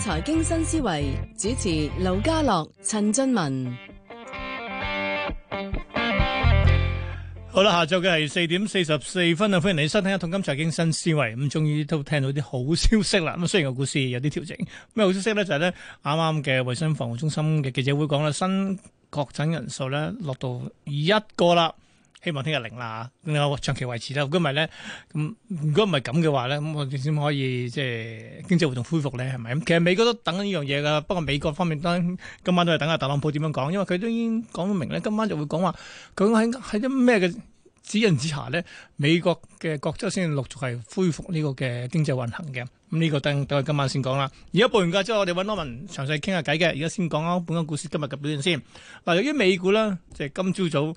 財經新思維主持劉家樂、陳俊文，好啦，下晝嘅係四點四十四分啊！歡迎你收聽《通金財經新思維》咁，終於都聽到啲好消息啦！咁雖然個股市有啲調整，咩好消息呢就係呢啱啱，嘅衛生防護中心嘅記者會講啦，新確診人數呢落到一個啦。希望聽日零啦嚇，有長期維持啦。今日咧咁，如果唔係咁嘅話咧，咁我哋先可以即係經濟活動恢復咧，係咪？咁其實美國都等緊呢樣嘢噶。不過美國方面都今晚都係等下特朗普點樣講，因為佢都已經講明咧，今晚就會講話究竟喺喺啲咩嘅指引之下咧，美國嘅各州先陸續係恢復呢個嘅經濟運行嘅。咁呢個等等佢今晚先講啦。而家報完價之後，我哋揾阿文詳細傾下偈嘅。而家先講下本港股市今日嘅表現先。嗱，由於美股啦，即係今朝早。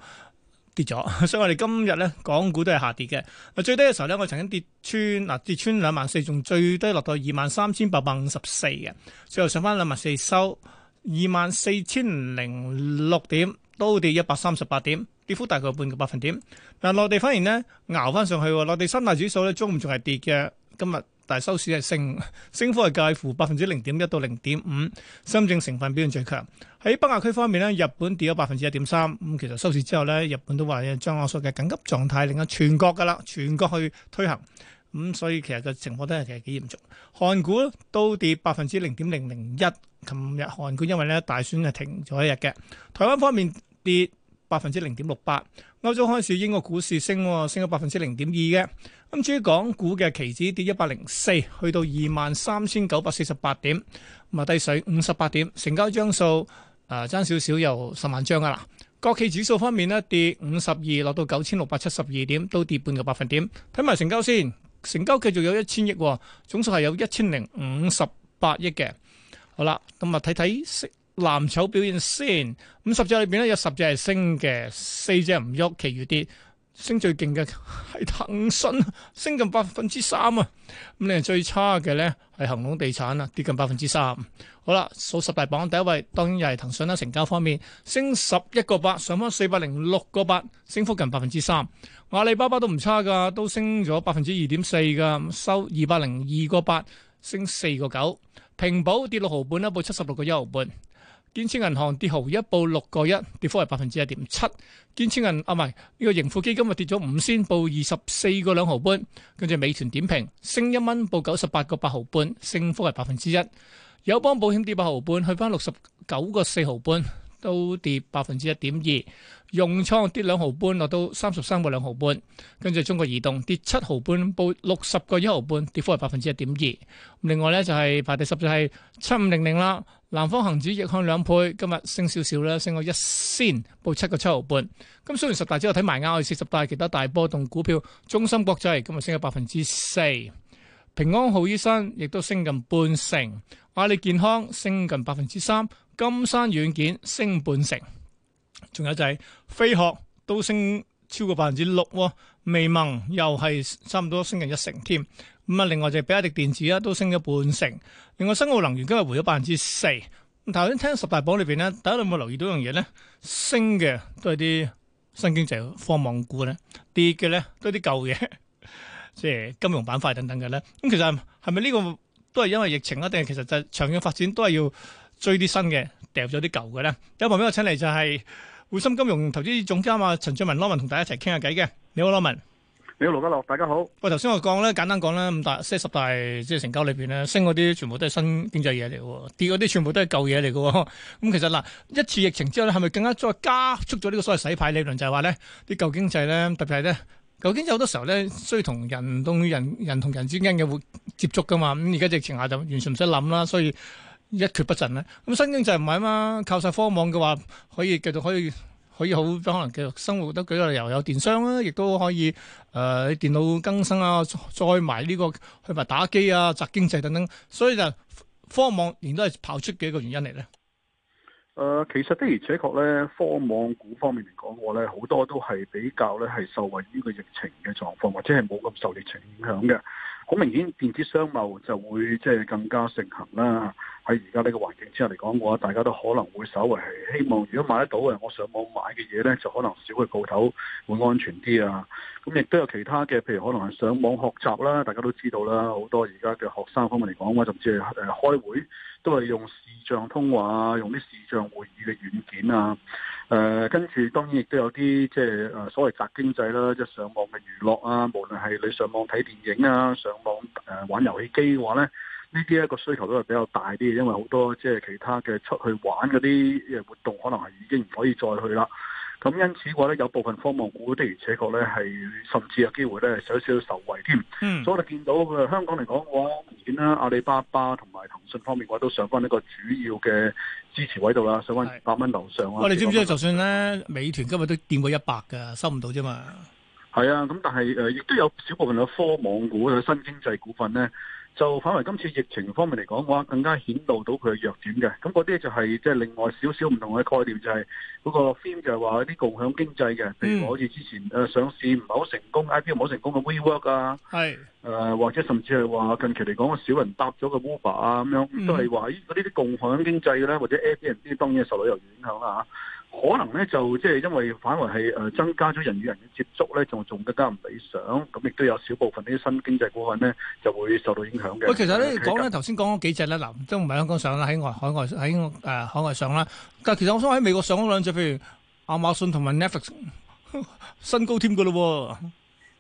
跌咗，所以我哋今日咧，港股都係下跌嘅。啊，最低嘅時候咧，我曾經跌穿，嗱跌穿兩萬四，仲最低落到二萬三千八百五十四嘅，最後上翻兩萬四，收二萬四千零六點，都跌一百三十八點，跌幅大概半個百分點。嗱，內地反而咧，熬翻上去，內地三大指數咧中午仲係跌嘅，今日。但係收市係升，升幅係介乎百分之零點一到零點五。深證成分表現最強。喺北亞區方面咧，日本跌咗百分之一點三。咁其實收市之後咧，日本都話咧將所嘅緊急狀態令到全國噶啦，全國去推行。咁、嗯、所以其實個情況都係其實幾嚴重。韓股都跌百分之零點零零一。琴日韓股因為咧大選係停咗一日嘅。台灣方面跌。百分之零點六八，歐洲開市，英國股市升，升咗百分之零點二嘅。咁至於港股嘅期指跌一百零四，去到二萬三千九百四十八點，咁啊低水五十八點，成交張數誒爭少少由十萬張噶啦。國企指數方面咧跌五十二，落到九千六百七十二點，都跌半個百分點。睇埋成交先，成交繼續有一千億，總數係有一千零五十八億嘅。好啦，咁啊睇睇。藍籌表現先，五十隻裏邊咧有十隻係升嘅，四隻唔喐，其餘跌。升最勁嘅係騰訊，升近百分之三啊！咁你係最差嘅咧係恒隆地產啊，跌近百分之三。好啦，數十大榜第一位，當然又係騰訊啦。成交方面，升十一個八，上返四百零六個八，升幅近百分之三。阿里巴巴都唔差噶，都升咗百分之二點四噶，收二百零二個八，升四個九。平保跌六毫半，一報七十六個一毫半。建設銀行跌毫一，報六個一，跌幅係百分之一點七。建設銀啊，唔係呢個盈富基金啊，跌咗五仙，報二十四個兩毫半。跟住美團點評升一蚊，報九十八個八毫半，升, 1，升幅係百分之一。友邦保險跌八毫半，去返六十九個四毫半。都跌百分之一點二，用倉跌兩毫半，落到三十三個兩毫半。跟住中國移動跌七毫半，報六十個一毫半，跌幅係百分之一點二。另外咧就係排第十就係七五零零啦，南方恒指逆向兩倍，今日升少少啦，升咗一仙，報七個七毫半。咁雖然十大之後睇埋啱，四十大其他大波動股票，中心國際今日升咗百分之四，平安好醫生亦都升近半成，阿里健康升近百分之三。金山軟件升半成，仲有就係飛鶴都升超過百分之六，微盟又係差唔多升近一成添。咁啊，另外就係比亞迪電子啊，都升咗半成。另外，新奧能源今日回咗百分之四。頭先聽十大榜裏邊咧，大家有冇留意到樣嘢咧？升嘅都係啲新經濟科網股咧，跌嘅咧都係啲舊嘅，即係金融板塊等等嘅咧。咁其實係咪呢個都係因為疫情啊？定係其實就係長遠發展都係要？追啲新嘅，掉咗啲舊嘅咧。有朋友邊請嚟就係匯豐金融投資總監啊陳俊文 Lovin 同大家一齊傾下偈嘅。你好 Lovin，你好羅哥樂，大家好。喂，頭先我講咧，簡單講啦，五大十大即係成交裏邊咧，升嗰啲全部都係新經濟嘢嚟，跌嗰啲全部都係舊嘢嚟嘅。咁、 嗯、其實嗱，一次疫情之後咧，係咪更加再加速咗呢個所謂洗牌理論？就係話咧，啲舊經濟咧，特別係咧，舊經濟好多時候咧，需要同人同人人，人同人之間嘅接接觸噶嘛？咁而家疫情下就完全唔使諗啦，所以。所以一蹶不振咧，咁新經濟唔係啊嘛，靠晒科網嘅話可以繼續可以可以好可，可能繼續生活得幾耐，又有電商啦，亦都可以誒、呃、電腦更新啊，再埋呢、這個去埋打機啊、宅經濟等等，所以就科網連都係跑出嘅一個原因嚟咧。誒、呃，其實的而且確咧，科網股方面嚟講，我咧好多都係比較咧係受惠於個疫情嘅狀況，或者係冇咁受疫情影響嘅，好明顯電子商貿就會即係更加盛行啦。喺而家呢個環境之下嚟講嘅話，大家都可能會稍微係希望，如果買得到嘅，我上網買嘅嘢呢，就可能少去鋪頭會安全啲啊。咁亦都有其他嘅，譬如可能係上網學習啦，大家都知道啦，好多而家嘅學生方面嚟講嘅話，甚至係誒開會都係用視像通話啊，用啲視像會議嘅軟件啊。誒、呃，跟住當然亦都有啲即係所謂宅經濟啦，即係上網嘅娛樂啊，無論係你上網睇電影啊，上網誒玩遊戲機嘅話呢。呢啲一個需求都係比較大啲，因為好多即係其他嘅出去玩嗰啲誒活動，可能係已經唔可以再去啦。咁因此嘅話咧，有部分科網股的而且確咧係甚至有機會咧，係少少受惠添。嗯，所以我哋見到誒香港嚟講嘅話，軟啦、阿里巴巴同埋騰訊方面嘅話，都上翻一個主要嘅支持位度啦，上翻二是百蚊樓上啊。我哋知唔知就算咧，美團今日都掂過一百㗎，收唔到啫嘛。係啊，咁但係誒，亦都有少部分有科網股有新經濟股份咧。就反為今次疫情方面嚟講嘅話，更加顯露到佢嘅弱點嘅。咁嗰啲就係即係另外少少唔同嘅概念，就係、是、嗰個 theme 就係話啲共享經濟嘅，譬、嗯、如好似之前誒、呃、上市唔係好成功，I P 唔好成功嘅 WeWork 啊，係誒是、呃、或者甚至係話近期嚟講少人搭咗嘅 Uber 啊咁樣，嗯、都係話呢啲共享經濟啦，或者 Airbnb 當然受旅遊影響啦嚇。啊。可能咧就即係因為反而係誒增加咗人與人嘅接觸咧，仲仲更加唔理想，咁亦都有少部分啲新經濟股份咧就會受到影響嘅。喂，其實咧講咧，頭先講咗幾隻咧，嗱，都唔係香港上啦，喺外海外喺誒海外上啦。但係其實我想喺美國上嗰兩隻，譬如亞馬遜同埋 Netflix，新高添噶咯。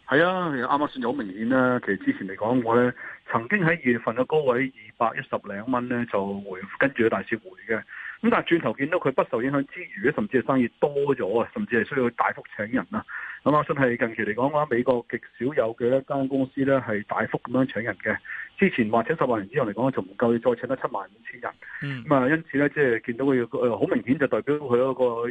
係啊，亞馬遜就好明顯啦。其實之前嚟講我咧，曾經喺二月份嘅高位二百一十零蚊咧就回跟住去大市回嘅。咁但係轉頭見到佢不受影響之餘咧，甚至係生意多咗啊，甚至係需要大幅請人啦。咁我相信係近期嚟講，我覺得美國極少有嘅一間公司咧係大幅咁樣請人嘅。之前話請十萬人之後嚟講，就唔夠再請得七萬五千人。咁啊，因此咧，即係見到佢好明顯就代表佢嗰個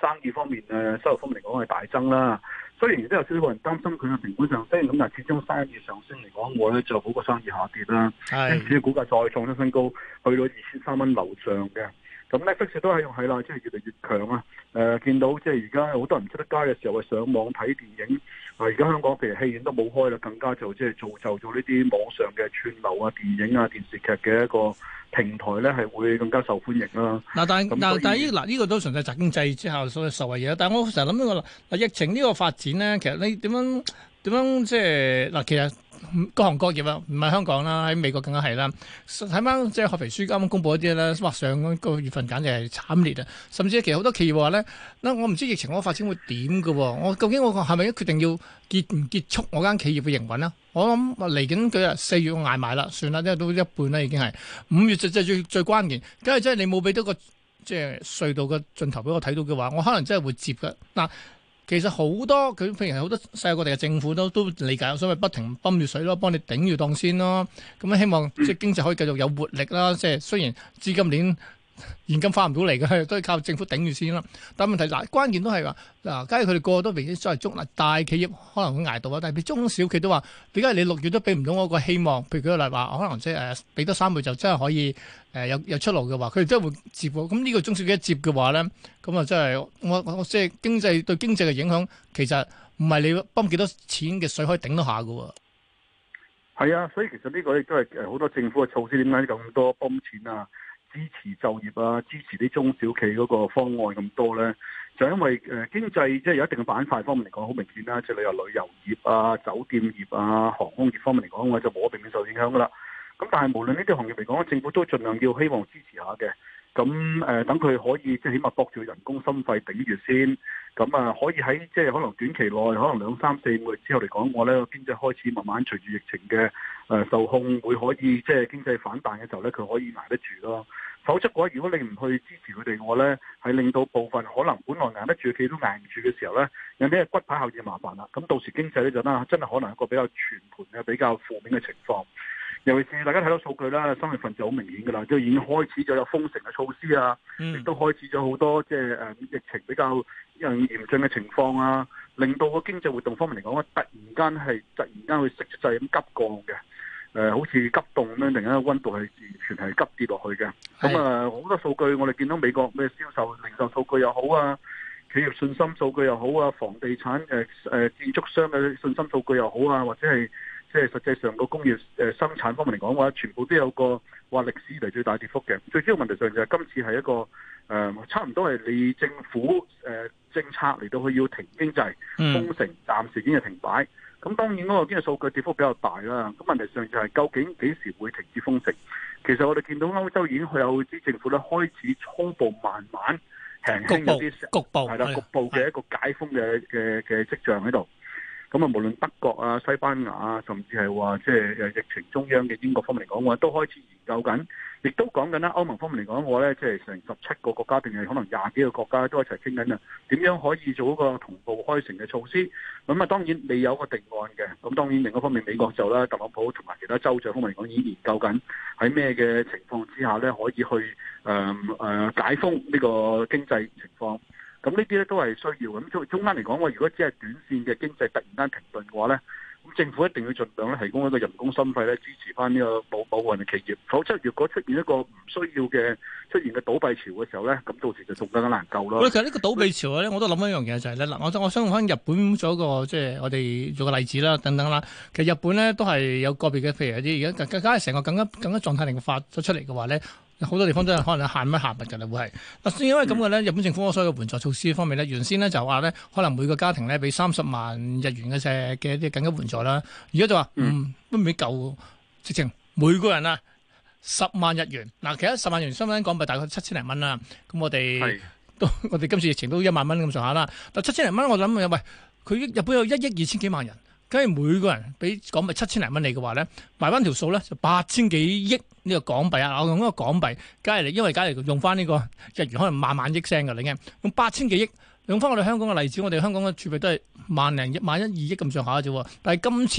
生意方面嘅收入方面嚟講係大增啦。雖然都有少少人擔心佢嘅成本上升咁，但係始終生意上升嚟講，我咧就好過生意下跌啦。係，因此嘅股價再創出新高，去到二千三蚊樓上嘅。咁 Netflix 都係用係啦，即係越嚟越強啊！誒、呃，見到即係而家好多人唔出得街嘅時候，上網睇電影。而、呃、家香港其實戲院都冇開啦，更加就即係做就做呢啲網上嘅串流啊、電影啊、電視劇嘅一個平台咧，係會更加受歡迎啦、啊。嗱、啊，但嗱那但依是、這個嗱依、啊這個都純粹宅經濟之後所受惠嘢，但係我成日諗呢個嗱疫情呢個發展咧，其實你點樣點樣即係嗱，其實。啊其實各行各業啊，唔係香港啦，喺美國更加係啦。睇翻即係合肥書啱啱公布一啲咧，哇！上個月份簡直係慘烈啊！甚至係其實好多企業話咧，嗱，我唔知疫情我個發展會點嘅喎，我究竟我係咪要決定要結唔結束我間企業嘅營運啊？我諗嚟緊佢四月我捱埋啦，算啦，因為都一半咧已經係五月就即係最最關鍵，梗係真係你冇俾到個即係隧道嘅盡頭俾我睇到嘅話，我可能真係會接嘅嗱。其實好多佢譬如好多世界各地嘅政府都都理解，所以不停泵住水咯，幫你頂住檔先咯。咁啊，希望即係經濟可以繼續有活力啦。即係雖然至今年。現金返唔到嚟嘅，都係靠政府頂住先啦。但係問題嗱，關鍵都係話嗱，假如佢哋個個都明顯所謂捉，嗱，大企業可能會挨到啊。但係俾中小企都話，點解你六月都俾唔到我個希望？譬如舉個例話，可能即係誒俾多三倍就真係可以誒、呃、有有出路嘅話，佢哋真係會接，咁呢個中小企一接嘅話咧，咁啊真係我我即係經濟對經濟嘅影響，其實唔係你泵幾多錢嘅水可以頂得下嘅。係啊，所以其實呢個亦都係好多政府嘅措施，點解咁多泵錢啊？支持就業啊，支持啲中小企嗰個方案咁多呢，就因為誒經濟即係有一定嘅板塊方面嚟講，好明顯啦，即係旅遊旅遊業啊、酒店業啊、航空業方面嚟講，我就無可避免受影響噶啦。咁但係無論呢啲行業嚟講，政府都盡量要希望支持下嘅。咁誒、嗯，等佢可以即係起碼駁住人工心肺頂住先，咁啊可以喺即係可能短期內，可能兩三四個月之後嚟講我呢經濟開始慢慢隨住疫情嘅誒受控，會可以即係經濟反彈嘅時候呢，佢可以捱得住咯。否則嘅話，如果你唔去支持佢哋，我呢係令到部分可能本來捱得住，佢都捱唔住嘅時候呢，有啲係骨牌效應麻煩啦。咁到時經濟呢，就真係可能一個比較全盤嘅比較負面嘅情況。尤其是大家睇到數據啦，三月份就好明顯嘅啦，即係已經開始咗有封城嘅措施啊，亦、嗯、都開始咗好多即係誒疫情比較誒嚴峻嘅情況啊，令到個經濟活動方面嚟講，突然間係突然間去遏制咁急降嘅，誒、呃、好似急凍咁樣，突然間溫度係完全係急跌落去嘅。咁啊好多數據，我哋見到美國咩銷售、零售數據又好啊，企業信心數據又好啊，房地產誒誒、呃呃、建築商嘅信心，信心數據又好啊，或者係。即係實際上個工業誒生產方面嚟講嘅話，全部都有個話歷史嚟最大跌幅嘅。最主要問題上就係今次係一個誒、呃、差唔多係你政府誒、呃、政策嚟到去要停經濟封城，暫時已經係停擺。咁當然嗰個經濟數據跌幅比較大啦。咁問題上就係究竟幾時會停止封城？其實我哋見到歐洲已經有啲政府咧開始初步慢慢平復局部，係啦，局部嘅的的一個解封嘅嘅嘅跡象喺度。咁啊，無論德國啊、西班牙啊，甚至係話即係誒疫情中央嘅英國方面嚟講，我都開始研究緊，亦都講緊啦。歐盟方面嚟講我咧，即係成十七個國家，定係可能廿幾個國家都一齊傾緊啊，點樣可以做一個同步開城嘅措施？咁、嗯、啊，當然未有個定案嘅。咁當然另一方面，美國就啦，特朗普同埋其他州長方面嚟講，已經研究緊喺咩嘅情況之下咧，可以去誒誒、呃呃、解封呢個經濟情況。咁呢啲咧都係需要咁中中間嚟講，我如果只係短線嘅經濟突然間停頓嘅話咧，咁政府一定要盡量咧提供一個人工心肺，咧支持翻呢個保保運嘅企業，否則如果出現一個唔需要嘅出現嘅倒閉潮嘅時候咧，咁到時就更加難救啦。其實呢個倒閉潮咧，以我都諗一樣嘢就係咧，嗱，我想我想翻日本做一個即係我哋做個例子啦，等等啦。其實日本咧都係有個別嘅，譬如一啲而家更加係成個更加更加狀態令化咗出嚟嘅話咧。好多地方都係可能限乜限物嘅啦，會係嗱，先因為咁嘅咧，日本政府所有嘅援助措施方面咧，原先咧就話咧，可能每個家庭咧俾三十萬日元嘅隻嘅一啲緊急援助啦，而家就話嗯，都唔比舊直情每個人啊十萬日元，嗱，其實十萬日元相當於港幣大概七千零蚊啦，咁我哋都是 我哋今次疫情都一萬蚊咁上下啦，但七千零蚊我諗喂，佢日本有一億二千幾萬人，假如每個人俾港幣七千零蚊你嘅話咧，埋翻條數咧就八千幾億。呢個港幣啊，我用呢個港幣，假如嚟，因為假如用翻呢個日元，可能萬萬億 yen 嘅，你見用八千幾億，用翻我哋香港嘅例子，我哋香港嘅儲備都係萬零一萬一二億咁上下啫。但係今次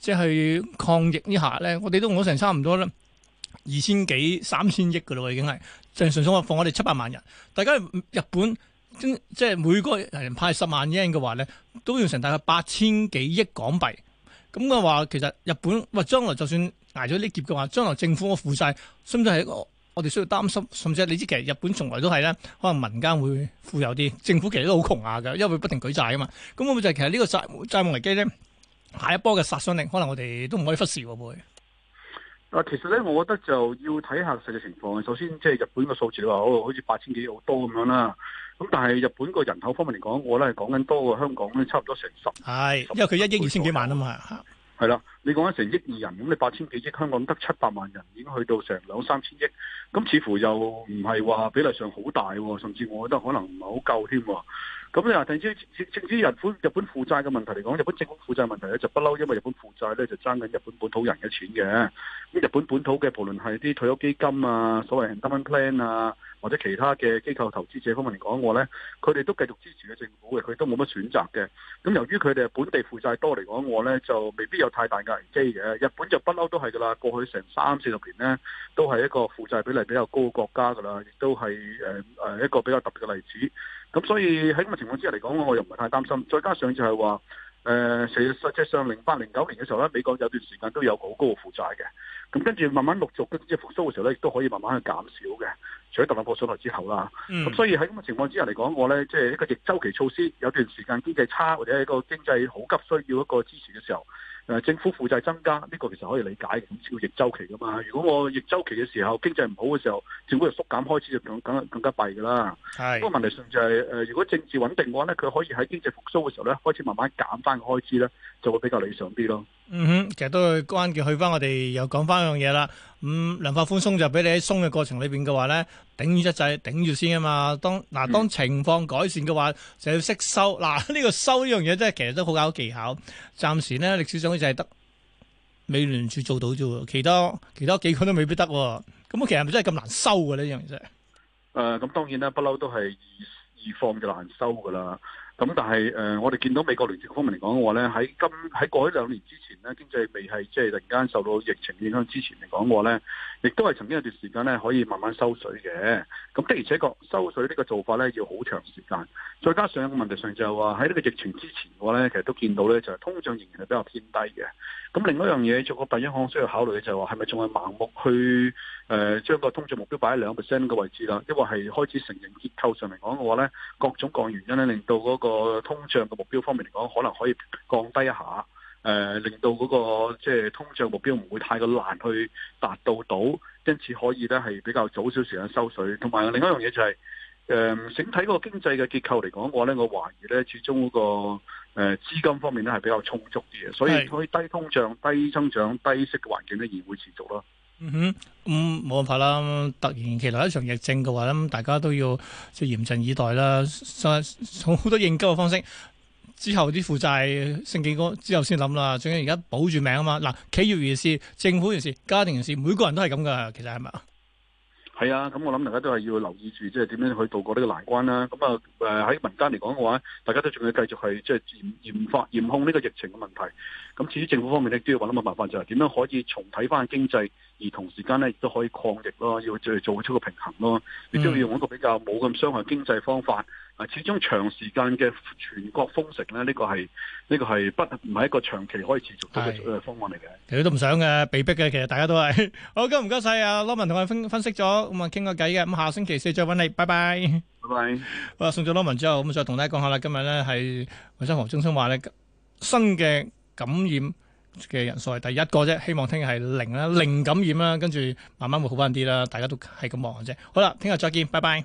即係抗疫呢下咧，我哋都用咗成差唔多咧，二千幾三千億嘅咯，已經係正係純粹放我哋七百萬人。大家日本即係每個人派十萬日圓嘅話咧，都要成大概八千幾億港幣。咁嘅話其實日本喂，將來就算，挨咗呢劫嘅話，將來政府都負債，甚至係我哋需要擔心，甚至係你知其實日本從來都係咧，可能民間會富有啲，政府其實都好窮下嘅，因為佢不停舉債啊嘛。咁我就係其實呢個債債務危機咧，下一波嘅殺傷力，可能我哋都唔可以忽視喎會。啊，其實咧，我覺得就要睇下實際情況。首先即係日本嘅數字話、哦，好似八千幾好多咁樣啦。咁但係日本個人口方面嚟講，我咧係講緊多過香港，差唔多成十、哎，係因為佢一億二千幾萬啊嘛。係啦，你講緊成億二人，咁你八千幾億香港得七百萬人，已經去到成兩三千億，咁似乎又唔係話比例上好大喎，甚至我覺得可能唔係好夠添喎。咁你話政治政日本日本負債嘅問題嚟講，日本政府負債問題咧就不嬲，因為日本負債咧就爭緊日本本土人嘅錢嘅。咁日本本土嘅，無論係啲退休基金啊、所謂 Endowment Plan 啊，或者其他嘅機構投資者方面嚟講，我咧佢哋都繼續支持嘅政府嘅，佢都冇乜選擇嘅。咁由於佢哋本地負債多嚟講，我咧就未必有太大嘅危機嘅。日本就不嬲都係噶啦，過去成三四十年咧都係一個負債比例比較高嘅國家噶啦，亦都係誒誒一個比較特別嘅例子。咁所以喺咁嘅情況之下嚟講，我又唔係太擔心。再加上就係話，誒、呃，其實實際上零八零九年嘅時候咧，美國有段時間都有好高嘅負債嘅。咁跟住慢慢陸續嘅即係復甦嘅時候咧，亦都可以慢慢去減少嘅。除咗特朗普上台之後啦，咁、嗯、所以喺咁嘅情況之下嚟講，我咧即係一個逆周期措施，有段時間經濟差或者一個經濟好急需要一個支持嘅時候。誒，政府負債增加呢，這個其實可以理解嘅，咁叫逆周期噶嘛。如果我逆周期嘅時候，經濟唔好嘅時候，政府就縮減開支，就更加更加更加弊噶啦。不過是問題上就係，是，誒、呃，如果政治穩定嘅話咧，佢可以喺經濟復甦嘅時候咧，開始慢慢減翻個開支咧，就會比較理想啲咯。嗯哼，其實都關去關鍵去翻，我哋又講翻一樣嘢啦。咁量化寬鬆就俾你喺鬆嘅過程裏邊嘅話咧，頂一制頂住先啊嘛。當嗱、啊、當情況改善嘅話，就要識收。嗱、啊、呢、這個收呢樣嘢真係其實都好考技巧。暫時咧，歷史上就係得美聯儲做到啫喎，其他其他幾個都未必得。咁、啊、其實咪真係咁難收嘅咧，呢樣嘢。誒，咁當然啦，不嬲都係易易放就難收噶啦。咁、嗯、但係誒、呃，我哋見到美國聯儲方面嚟講嘅話咧，喺今喺過去兩年之前咧，經濟未係即係突然間受到疫情影響之前嚟講嘅話咧，亦都係曾經有段時間咧，可以慢慢收水嘅。咁的而且確收水呢個做法咧，要好長時間。再加上個問題上就係話喺呢個疫情之前嘅話咧，其實都見到咧，就係、是、通脹仍然係比較偏低嘅。咁另一樣嘢做個第一項需要考慮嘅就係話，係咪仲係盲目去誒將個通脹目標擺喺兩個 percent 個位置啦？亦或係開始承認結構上嚟講嘅話咧，各種各種原因咧，令到嗰、那個個通脹嘅目標方面嚟講，可能可以降低一下，誒、呃，令到嗰、那個即係、就是、通脹目標唔會太過難去達到到，因此可以咧係比較早少時間收水。同埋另一樣嘢就係、是，誒、呃，整體個經濟嘅結構嚟講我話咧，我懷疑咧，始終嗰、那個誒資、呃、金方面咧係比較充足啲嘅，所以可以低通脹、低增長、低息嘅環境咧，而會持續咯。嗯哼，咁冇辦法啦！突然其來一場疫症嘅話咧，大家都要即係嚴陣以待啦。好多應急嘅方式，之後啲負債升幾多之後先諗啦。最緊而家，保住命啊嘛！嗱，企業如是、政府如是、家庭如是，每個人都係咁噶，其實係咪？係啊，咁我諗大家都係要留意住，即係點樣去度過呢個難關啦。咁、嗯、啊，誒、呃、喺民間嚟講嘅話，大家都仲要繼續係即係嚴嚴防嚴控呢個疫情嘅問題。咁至於政府方面咧，都要諗個辦法，就係，就係點樣可以重睇返經濟，而同時間咧亦都可以抗疫咯，要再做出個平衡咯，亦都要用一個比較冇咁傷害經濟方法。啊，始終長時間嘅全國封城咧，呢個係呢個係不唔係一個長期可以持續嘅方案嚟嘅。其實都唔想嘅，被逼嘅，其實大家都係。好，咁唔該晒啊，羅文同我分分析咗，咁啊傾個偈嘅。咁下星期四再揾你，拜拜。拜拜。好啦，送咗羅文之後，咁再同大家講下啦。今日咧係衛生防護中心話咧，新嘅感染嘅人數係第一個啫，希望聽日係零啦，零感染啦，跟住慢慢會好翻啲啦。大家都係咁望嘅啫。好啦，聽日再見，拜拜。